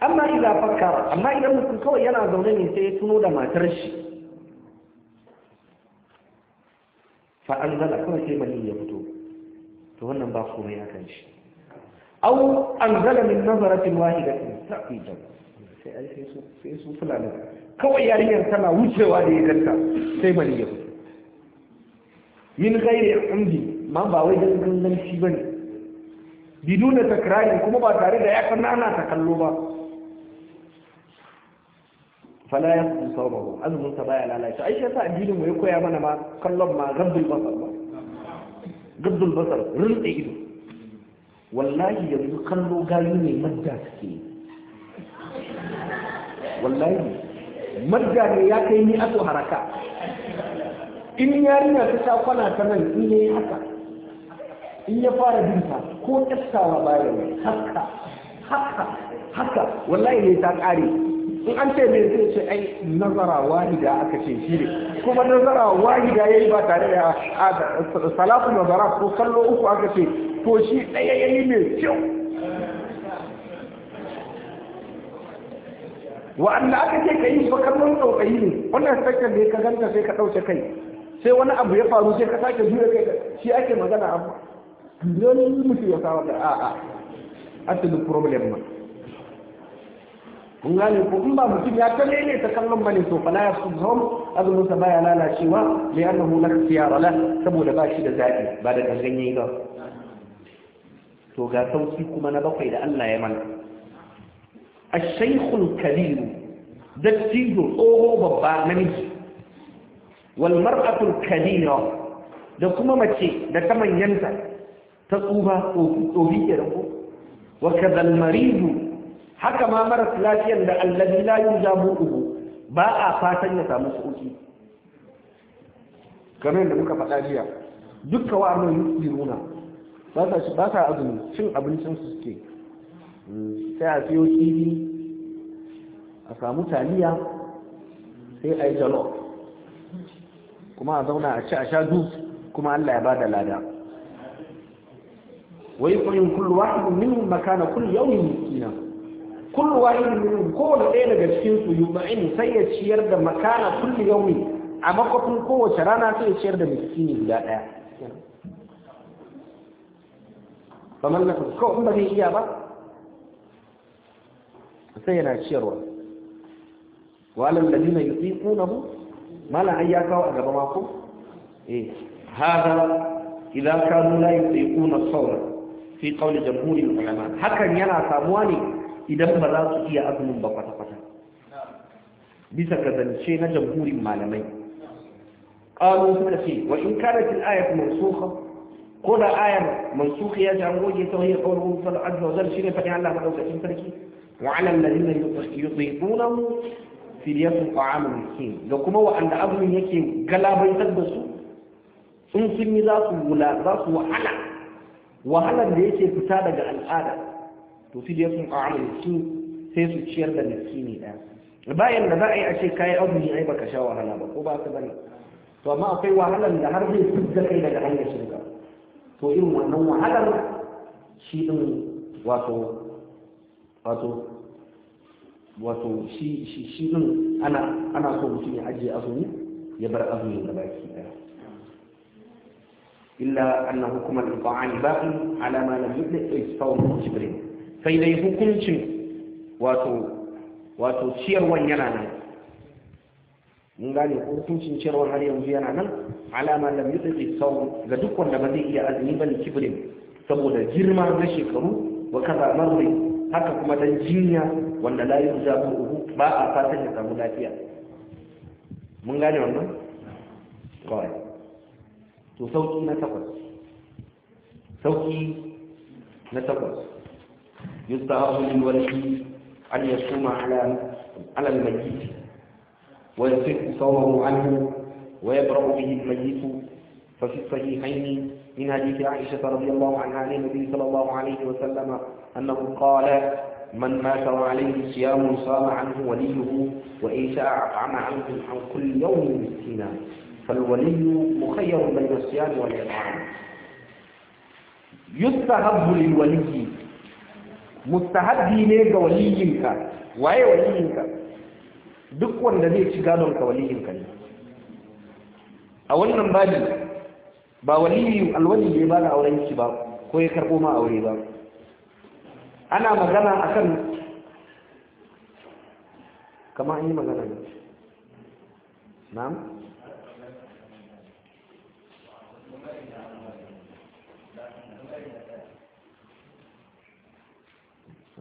amma idan fakkara amma idan mutum kawai yana zaune ne sai ya tuno da matar shi fa an zala kawai sai ya fito to wannan ba komai a kan shi aw an zala min nazaratin wahidatin sa'idan sai ai sai su sai su fulani kawai yarinyar tana wucewa da ya sai ya fito min ghairi umdi ma ba wai dan ganganci bane biduna nuna takrarin kuma ba tare da ya ana ta kallo ba fala ya su sauraro azumin sa baya lalace Aisha shi yasa addinin mu ya koya mana ma kallon ma gabdul basar ba gaddul basar rinda ido wallahi yanzu kallo gayu ne madda suke wallahi madda ne ya kai ni aso haraka in yarinya ta sha kwana ta nan in yayi haka in ya fara binta ko kaskawa bayan haka haka haka wallahi ne ta kare in an ce mai zai ce ai nazara wahida aka ce shi ne kuma nazara wahida yayi ba tare da salatu nazara ko kallo uku aka ce to shi ɗaya yayi mai kyau wa'anda aka ce ka yi ba kallon ɗaukayi ne wannan sakar ne ka ganta sai ka ɗauke kai sai wani abu ya faru sai ka sake juya kai shi ake magana abu dole mutum ya sa wata a'a asalin problem ma kun gane ko in ba mutum ya ta ne ta kallon bane to fala ya suzhum azumin sa baya lalacewa mai annahu la khiyara la saboda ba shi da zabi ba da gangan yayi ba to ga sauki kuma na bakwai da Allah ya mana الشيخ الكبير دكتيد أوه بابا نمي والمرأة الكبيرة da kuma mace da ta manyanta ta tsufa tsofi ke rako wa kazal maridu haka ma maras lafiyan da allazi la yujabu ba a fatan ya samu sauki kamar da muka faɗa jiya dukkan wa'annan yi ba sa ba sa azumi cin abincin su suke hmm, sai a siyo kifi a samu taliya sai a yi jalo kuma a zauna a ci a sha duk kuma Allah ya ba da lada wai kullu wahidin minhum makana kullu yawmin كل واحد منهم كل دينا جرسين في يومين سيد شير ده مكانه كل يوم عم أقول كل شرنا في شير ده مسكين لا لا فمن لكم كم بدي إجابة سيدنا شير وقال الذين يطيقونه ما لا أياك وأجب معكم إيه هذا إذا كانوا لا يطيقون الصور في قول جمهور العلماء هكذا يلا سامواني idan ba za su iya azumin ba kwata-kwata bisa ga zance na jamhurin malamai ƙalu suka ce wa in kana fil ayat mansukha ko da ayar mansukha ya ta goge ta wani kawar wani sallar azza wa shi ne faɗin Allah madaukakin sarki wa alal ladina yutiqunahu fidyatun ta'am miskin da kuma wa'anda azumin yake galabaitar da su in sun yi za su wula za su wahala wahalar da yake fita daga al'ada to sun a'amu miskin sai su ciyar da miskini ɗaya bayan da za a yi a ce kayan azumi ai baka sha wahala ba ko ba ka bane to amma akwai wahalar da har zai fidda kai daga hanyar shirka to irin wannan wahalar shi din wato wato wato shi shi shi din ana ana so mutum ya ajiye azumi ya bar azumi da baki ɗaya illa annahu kuma al-qa'ani baqi ala ma lam yudrik fa huwa sai dai hukuncin wato wato ciyarwan yana nan mun gane hukuncin ciyarwan har yanzu yana nan alama lam yutsi sau ga duk wanda ba zai iya azumi bane kibrin saboda girma na shekaru wa kaza marri haka kuma dan jinya wanda la yuzabu ba a fatan ya samu lafiya mun gane wannan kawai to sauki na takwas sauki na takwas يستحب للولي أن يصوم على على الميت ويصح صومه عنه ويبرأ به الميت ففي الصحيحين من حديث عائشة رضي الله عنها عن النبي صلى الله عليه وسلم أنه قال من مات وعليه صيام صام عنه وليه وإن شاء أطعم عنه عن كل يوم مسكينا فالولي مخير بين الصيام والإطعام يستحب للولي mustahabbi ne ga waliyinka waye waliyinka duk wanda zai ci gadon ka waliyinka ne a wannan babi ba waliyu alwali ne ba da auren ki ba ko ya karbo ma aure ba ana magana akan kama an yi magana ne na'am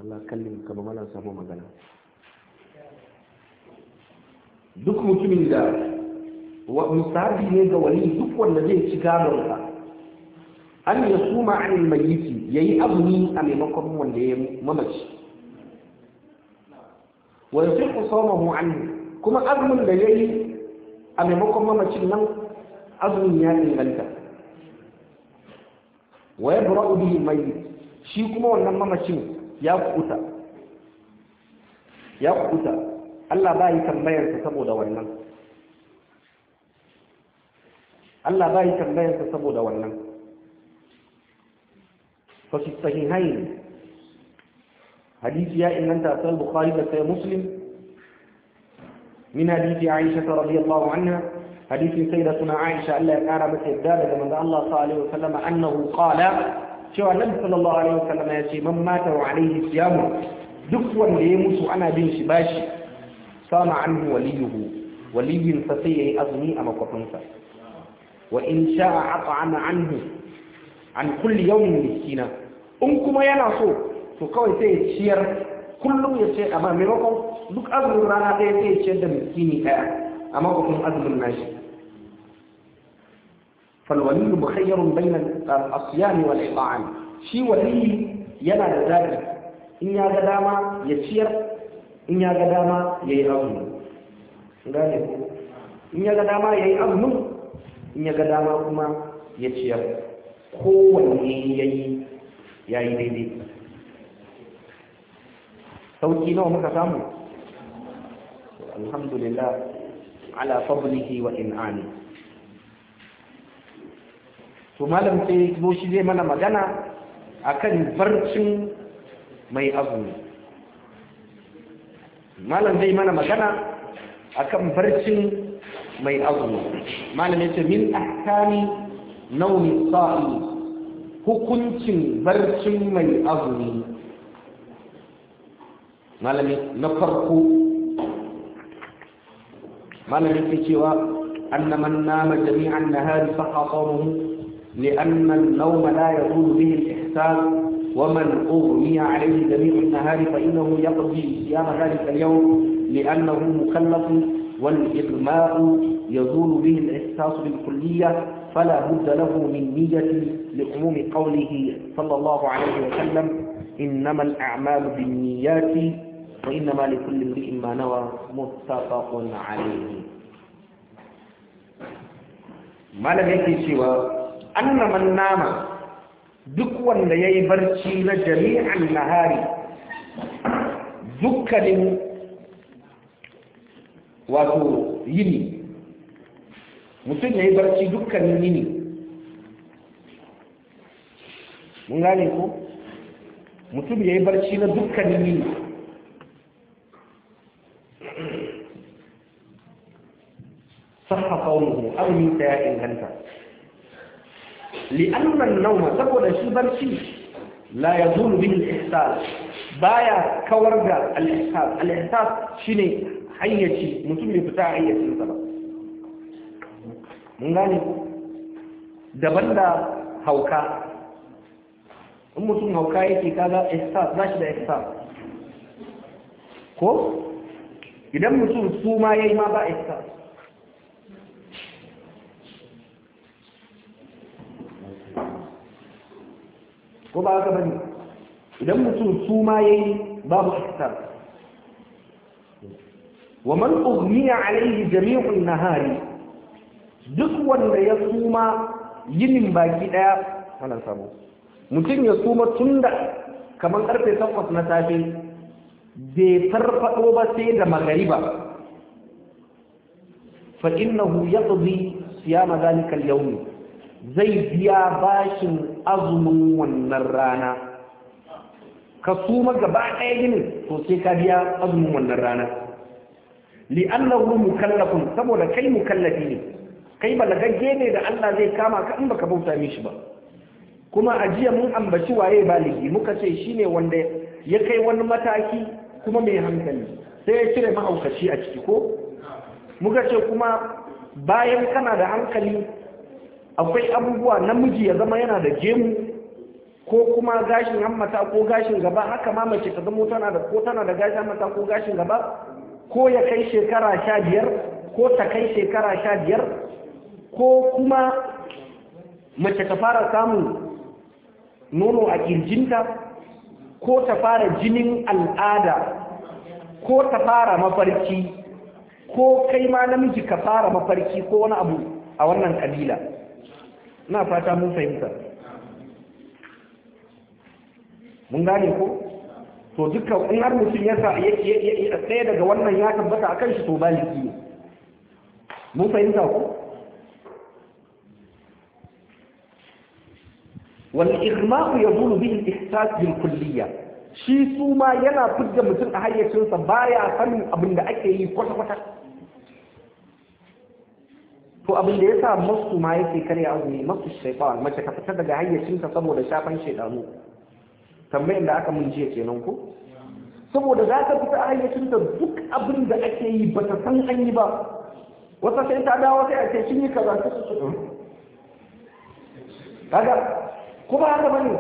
Allah kallin ka ba mana samu magana duk mutumin da wa misali ne ga wani duk wanda zai ci gadon ka an ya suma an mayiti yayi abu ni a maimakon wanda ya mamaci wa yafiqu sawmahu anhu kuma azumin da ya yi a maimakon mamacin nan azumin ya inganta wa yabra'u bihi mayyit shi kuma wannan mamacin ya kuta ya kuta Allah ba yi tambayarsa saboda wannan Allah ba yi tambayarsa saboda wannan fashi sahihain hadisi ya inganta sahih bukhari da sahih muslim من حديث عائشة رضي الله عنها حديث سيدتنا عائشة ألا يقار مسجد ذلك من الله صلى الله عليه وسلم أنه قال cewa nabi sallallahu alaihi wasallam ya ce man mata wa alaihi siyamu duk wanda ya mutu ana bin shi bashi sama anhu waliyuhu waliyin sa sai yayi azumi a makwafin sa wa in sha'a at'ama anhu an kulli yawmin miskina in kuma yana so to kawai sai ya ciyar kullum ya ce amma maimakon duk azumin rana ɗaya sai ya ciyar da miskini ɗaya a makwafin azumin nashi فالولي مخير بين الصيام والإطعام شي ولي yana da zaɓi in ya ga dama ya ciyar in ya ga dama ya yi azumi in ya ga dama ya yi azumin in ya ga dama kuma ya ciyar kowanne ya yi daidai sauki nawa muka samu alhamdulillah ala wa in'ani to malam ce zo shi zai mana magana akan barcin mai azumi malam zai mana magana akan barcin mai azumi malam yace min ahkami nawmi sa'i hukuncin barcin mai azumi malami na farko malami ke cewa annaman nama jami'an nahari sahaqahu لأن النوم لا يكون به الإحسان ومن أغمي عليه جميع النهار فإنه يقضي صيام ذلك اليوم لأنه مكلف والإغماء يزول به الإحساس بالكلية فلا بد له من نية لعموم قوله صلى الله عليه وسلم إنما الأعمال بالنيات وإنما لكل امرئ ما نوى متفق عليه ما لم يكن سوى anna man nama duk wanda yayi barci na jami'an nahari dukkanin wato yini mutum yayi barci dukkanin yini mun gane ko mutum yayi barci na dukkanin yini sahha qawluhu aw min ta'in hanta li'anna nauma saboda shi barci la yazulu bihi al-ihsas baya kawar da al-ihsas al-ihsas shine hayyaci mutum bai fita hayyacin sa ba mun gane daban da hauka in mutum hauka yake kaga ihsas ba shi da ihsas ko idan mutum su ma yayi ma ba ihsas ko ba ka bane idan mutum su ma yayi babu ihsan wa man ughmiya alayhi jami'un nahari duk wanda ya suma yinin baki daya wannan sabo mutum ya suma tunda kamar karfe 8 na safe bai farfado ba sai da magariba fa innahu yaqdi siyama zalika al-yawm zai biya bashin azumin wannan rana ka suma gaba ɗaya gini to sai ka biya azumin wannan rana li'annahu mukallafun saboda kai mukallafi ne kai balagagge ne da Allah zai kama ka in baka bauta mishi ba kuma a jiya mun ambaci waye baligi muka ce shine wanda ya kai wani mataki kuma mai hankali sai ya cire mahaukaci a ciki ko muka ce kuma bayan kana da hankali akwai abubuwa namiji ya zama yana da gemu ko kuma gashin hammata ko gashin gaba haka ma mace ta zama tana da ko tana da gashin hammata ko gashin gaba ko ya kai shekara sha biyar ko ta kai shekara sha biyar ko kuma mace ta fara samun nono a kirjinta ko ta fara jinin al'ada ko ta fara mafarki ko kai ma namiji ka fara mafarki ko wani abu a wannan kabila Ina fata mun fahimta mun gane ko to dukkan in har mutum ya tsaye daga wannan ya tabbata a kan shi to baliki ne mun fahimta ko والإغماء يزول به الإحساس بالكلية shi su ma yana fidda mutum a hayyacinsa baya sanin abin da ake yi kwata to abin da yasa masu ma yake karya azumi masu shaytan mace ka fita daga ka saboda shafan shaytanu tambayin da aka mun jiya kenan ko saboda za ka fita hayyacinka duk abin da ake yi ba ta san an yi ba wata sai ta dawo sai a ce kin ka za ta su hmm. kaga kuma haka ne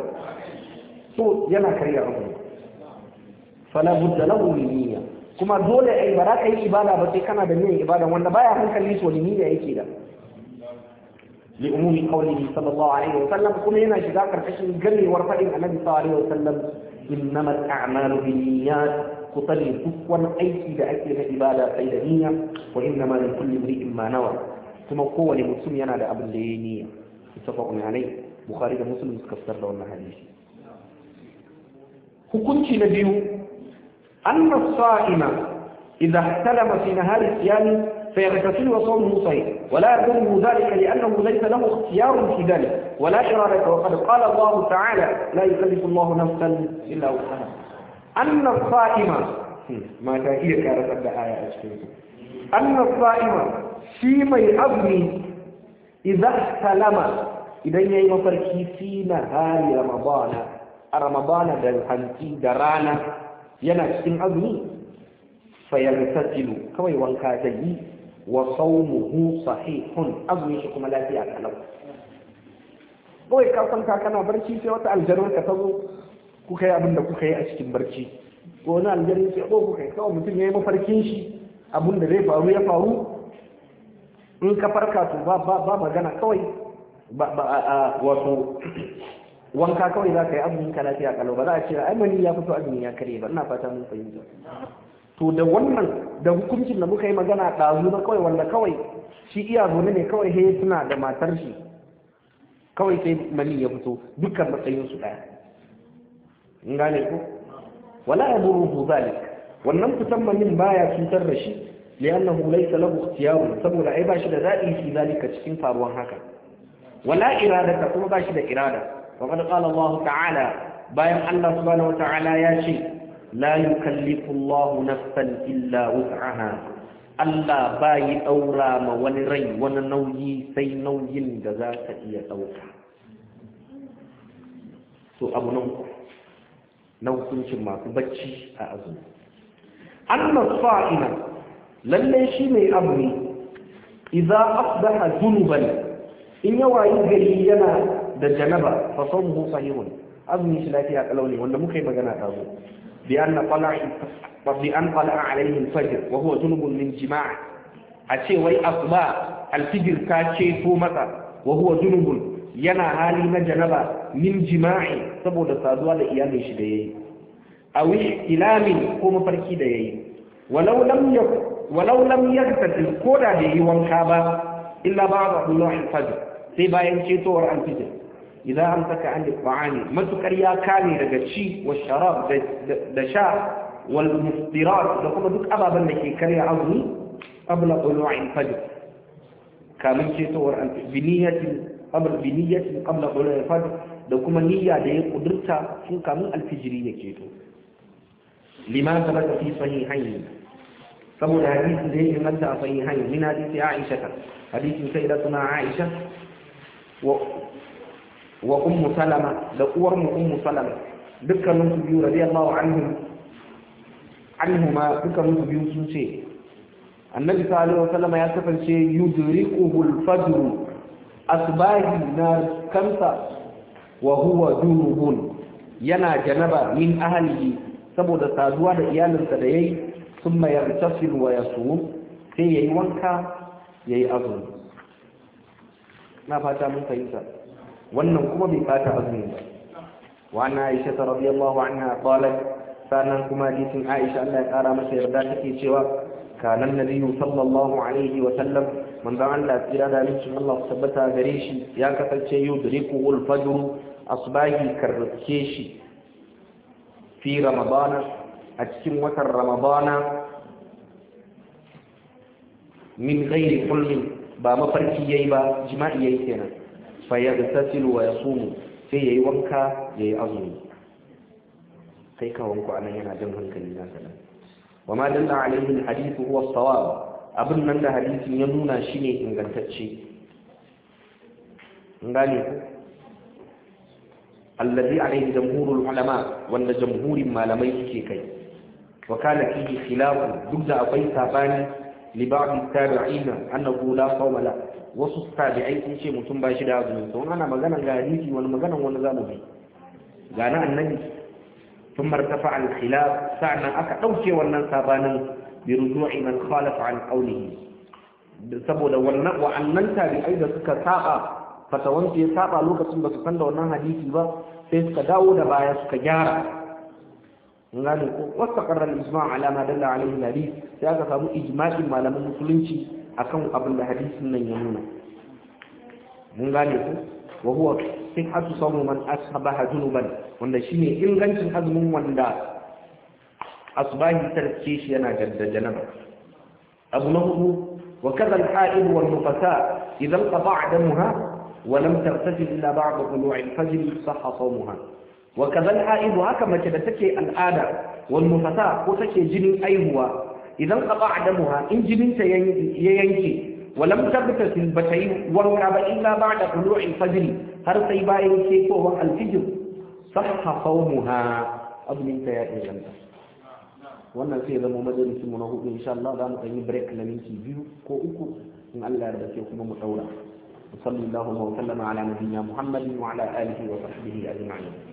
to yana karya azumi Fana budda lahu min niyya kuma dole ai ba za ka yi ibada ba sai kana da yin ibada wanda baya hankali so limi da yake da li umumi qawlihi sallallahu alaihi wa sallam kuma yana shiga karkashin ganewar fadin annabi sallallahu alaihi wa sallam innamal a'malu binniyat kutali sani aiki da ake na ibada sai da niyya wa innamal li kulli imrin ma nawa kuma kowane mutum yana da abin da yayi niyya mutafaqun alai bukhari da muslim suka fitar da wannan hadisi hukunci na biyu أن الصائم إذا احتلم في نهار الصيام فيغتسل وصومه صحيح ولا يظلم ذلك لأنه ليس له اختيار في ذلك ولا إرادة وقد قال الله تعالى لا يكلف الله نفسا إلا وسعها أن الصائم ما هي إيه كانت الدعاية أن الصائم في من أظن إذا احتلم إذا يمطر في نهار رمضان رمضان ده الحنتي درانا yana cikin azumi fayantajilu kawai wanka zai yi wa saumuhu sahihun azumi shi kuma lafiya kalau kawai ka kwanta kana barci sai wata aljarar ka tazo ku kuka yi abin da kuka yi a cikin barci ko wani aljarar sai ko kuka yi kawai mutum ya yi mafarkin shi abin da zai faru ya faru in ka farka to ba magana kawai wato wanka kawai za ka yi abin ka lafiya kalau ba za a ce ai mani ya fito azumin ya kare ba ina fata mun fahimta to da wannan da hukuncin da muka yi magana ɗazu na kawai wanda kawai shi iya zaune ne kawai he suna da matar shi kawai sai mani ya fito dukkan matsayin su ɗaya in gane ko wala ya buru hu zalik wannan fitan manin baya cutar da shi hu laisa lahu ikhtiyaru saboda ai ba shi da zaɓi fi zalika cikin faruwan haka wala irada kuma ba shi da irada وقد bayan Allah تعالى بايع الله سبحانه وتعالى يا شيء لا يكلف الله نفسا إلا وسعها Allah ba yi ɗaura ma wani rai wani nauyi sai nauyin da za ka iya ɗauka. So abu nan ku, na masu bacci a azumi. Allah fa'ina, lallai shi mai azumi, iza asbaha zunuban in yawa gari yana da janaba fa sawmuhu sahihun azumi shi lafiya kalau ne wanda muka yi magana ta zo bi anna tala'i wa bi an tala'a alayhi fajr wa huwa junubun min jima'a a ce wai asuba alfijir fijr ta ce ko masa wa huwa junubun yana hali na janaba min jima'i saboda saduwa da iyalin shi da yayi aw ilamin ko mafarki da yayi walau lam yakun walau lam ko da bai yi wanka ba illa ba'da Allah sai bayan cetowar alfijir idan an saka an da ƙwa'ani matuƙar ya kame daga ci wa sharab da sha wal mustirat da kuma duk ababen da ke karya azumi abla ƙulu'in fajr kamin cetowar biniyatin abla biniyatin abla ƙulu'in fajr da kuma niyya da ya ƙudurta sun kamin alfijiri ya ceto lima sabata fi sahihain saboda hadisi da ya inganta a sahihain min hadisi aisha hadisin sayyidatuna aisha wa ummu salama da uwar mu ummu salama dukkanin su biyu radiyallahu anhum anhuma dukkanin su biyu sun ce annabi sallallahu alaihi wasallam ya kasance yudrikuhu al-fajr asbahi na kansa wa huwa dunuhun yana janaba min ahlihi saboda saduwa da iyalinsa da yayi thumma yartasil wa yasum sai yayi wanka yayi azumi na fata mun fahimta wannan kuma bai bata azumi ba wa anna aisha radiyallahu anha qalat sanan kuma hadisin aisha Allah ya kara masa yarda take cewa kanan nabiyyu sallallahu alaihi wa sallam manzon Allah tsira da mutum Allah tabbata gare shi ya kasance yudriku al-fajr asbahi karrake shi fi ramadana a cikin watan ramadana min ghairi hulmin ba mafarki yayi ba jima'i yayi kenan fa yaghtasilu wa yasumu sai ya yi wanka ya yi azumi kai ka wanku anan yana jan hankali na sanan wa ma dalla alaihi alhadith huwa as-sawab abin nan da hadisin ya nuna shine ingantacce ngani alladhi alaihi jamhurul ulama wanda jamhurin malamai suke kai wa kana fihi khilaf duk da akwai sabani li ba'd tabi'in annahu la sawma la wasu tabi'ai sun ce mutum ba shi da azumin sau ana magana ga hadisi wani magana wani zamu bi ga na annabi sun martafa al sa'annan aka ɗauke wannan sabanin bi ruju'i man khalafa an qawlihi saboda wannan wa'annan tabi'ai da suka saba fatawansu ya saba lokacin ba su san da wannan hadisi ba sai suka dawo da baya suka gyara ngani ko wasta qarra al-ijma' ala ma dalla alayhi al-hadith sai aka samu ijma'in malaman musulunci akan abin da hadisin nan ya nuna mun gane ku wa huwa sihhatu sawm man asbaha junuban wanda shine ingancin azumin wanda asbahi tarke shi yana jaddajana abu na hudu wa kadha al-ha'id wal nufasa idan qata'a damuha ولم تغتسل إلا بعد طلوع الفجر صح صومها وكذا الحائض هكا ما كده تكي الآلة والنفساء idan qaba adamuha in injininta ya yanke walam tabtasil bata yi wanka ba illa ba'da tulu'il fajr har sai bayan kekowar alfijir sahha sawmuha abin ta ya inganta wannan sai zama majalisin mu na hudu insha Allah za mu ɗan break na minti biyu ko uku in Allah ya dace kuma mu daura sallallahu alaihi wa sallama ala nabiyina muhammadin wa ala alihi wa sahbihi ajma'in